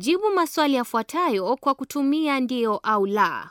Jibu maswali yafuatayo kwa kutumia ndio au la.